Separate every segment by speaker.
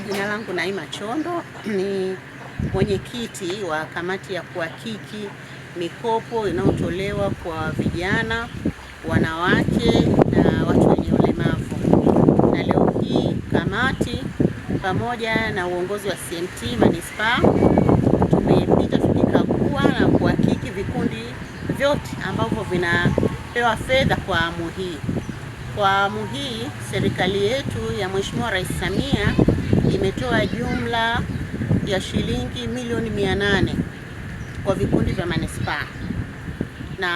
Speaker 1: jina langu Naima Chondo ni mwenyekiti wa kamati ya kuhakiki mikopo inayotolewa kwa vijana, wanawake na watu wenye ulemavu. Na leo hii kamati pamoja na uongozi wa CMT Manispaa tumepita tukikagua na kuhakiki vikundi vyote ambavyo vinapewa fedha kwa amu hii. Kwa amu hii serikali yetu ya Mheshimiwa Rais Samia imetoa jumla ya shilingi milioni mia nane kwa vikundi vya manispaa, na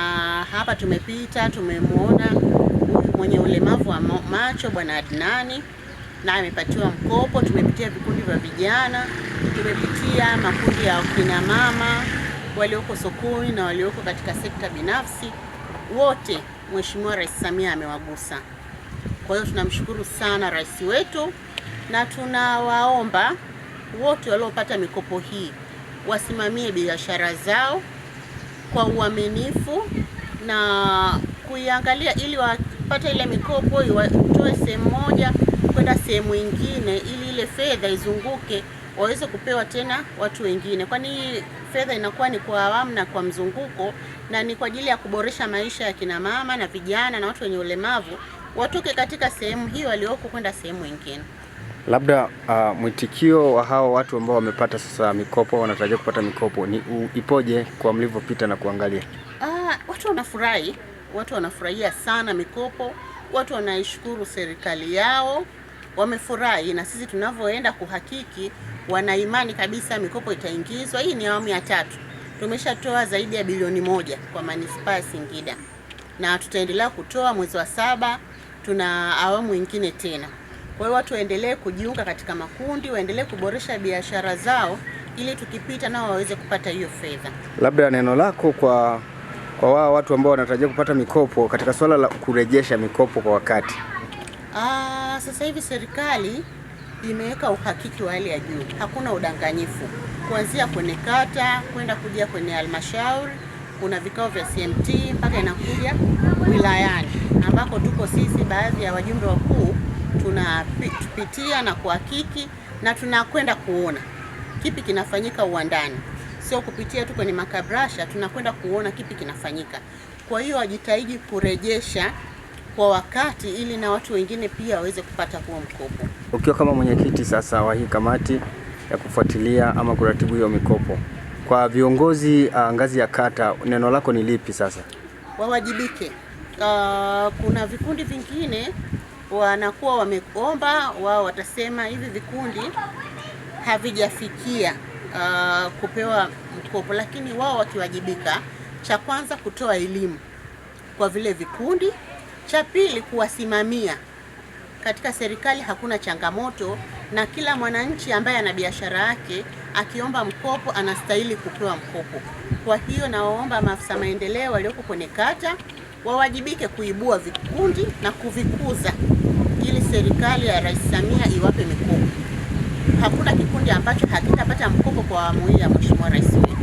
Speaker 1: hapa tumepita tumemwona huyu mwenye ulemavu wa macho Bwana Adnani na amepatiwa mkopo. Tumepitia vikundi vya vijana, tumepitia makundi ya kina mama walioko sokoni na walioko katika sekta binafsi, wote Mheshimiwa Rais Samia amewagusa. Kwa hiyo tunamshukuru sana rais wetu na tunawaomba wote waliopata mikopo hii wasimamie biashara zao kwa uaminifu na kuiangalia ili wapate ile mikopo iwatoe sehemu moja kwenda sehemu ingine, ili ile fedha izunguke waweze kupewa tena watu wengine, kwani fedha inakuwa ni kwa awamu na kwa mzunguko, na ni kwa ajili ya kuboresha maisha ya kina mama na vijana na watu wenye ulemavu, watoke katika sehemu hiyo walioko kwenda sehemu nyingine.
Speaker 2: Labda uh, mwitikio wa hao watu ambao wamepata sasa mikopo, wanatarajia kupata mikopo ni ipoje kwa mlivyopita na kuangalia?
Speaker 1: Uh, watu wanafurahi, watu wanafurahia sana mikopo, watu wanaishukuru serikali yao, wamefurahi. Na sisi tunavyoenda kuhakiki, wana imani kabisa mikopo itaingizwa. Hii ni awamu ya tatu, tumeshatoa zaidi ya bilioni moja kwa manispaa ya Singida na tutaendelea kutoa mwezi wa saba, tuna awamu nyingine tena. Kwa hiyo watu waendelee kujiunga katika makundi, waendelee kuboresha biashara zao ili tukipita nao waweze kupata hiyo fedha. Labda neno lako kwa kwa wao watu ambao wanatarajia kupata mikopo katika swala la kurejesha mikopo kwa wakati. Aa, sasa hivi serikali imeweka uhakiki wa hali ya juu, hakuna udanganyifu kuanzia kwenye kata kwenda kuja kwenye halmashauri, kuna vikao vya CMT mpaka inakuja wilayani ambako tuko sisi baadhi ya wajumbe wakuu tunapitia na kuhakiki na tunakwenda kuona kipi kinafanyika uwandani, sio kupitia tu kwenye makabrasha, tunakwenda kuona kipi kinafanyika. Kwa hiyo wajitahidi kurejesha kwa wakati ili na watu wengine pia waweze kupata huo mkopo. Ukiwa kama mwenyekiti sasa wa hii kamati ya kufuatilia ama kuratibu hiyo mikopo, kwa viongozi uh, ngazi ya kata, neno lako ni lipi sasa? Wawajibike. Uh, kuna vikundi vingine wanakuwa wameomba wao, watasema hivi vikundi havijafikia uh, kupewa mkopo, lakini wao wakiwajibika, cha kwanza kutoa elimu kwa vile vikundi, cha pili kuwasimamia. Katika serikali hakuna changamoto, na kila mwananchi ambaye ana biashara yake akiomba mkopo anastahili kupewa mkopo. Kwa hiyo nawaomba maafisa maendeleo walioko kwenye kata wawajibike kuibua vikundi na kuvikuza ili serikali ya Rais Samia iwape mikopo. Hakuna kikundi ambacho hakitapata mkopo kwa awamu hii ya Mheshimiwa Rais wetu.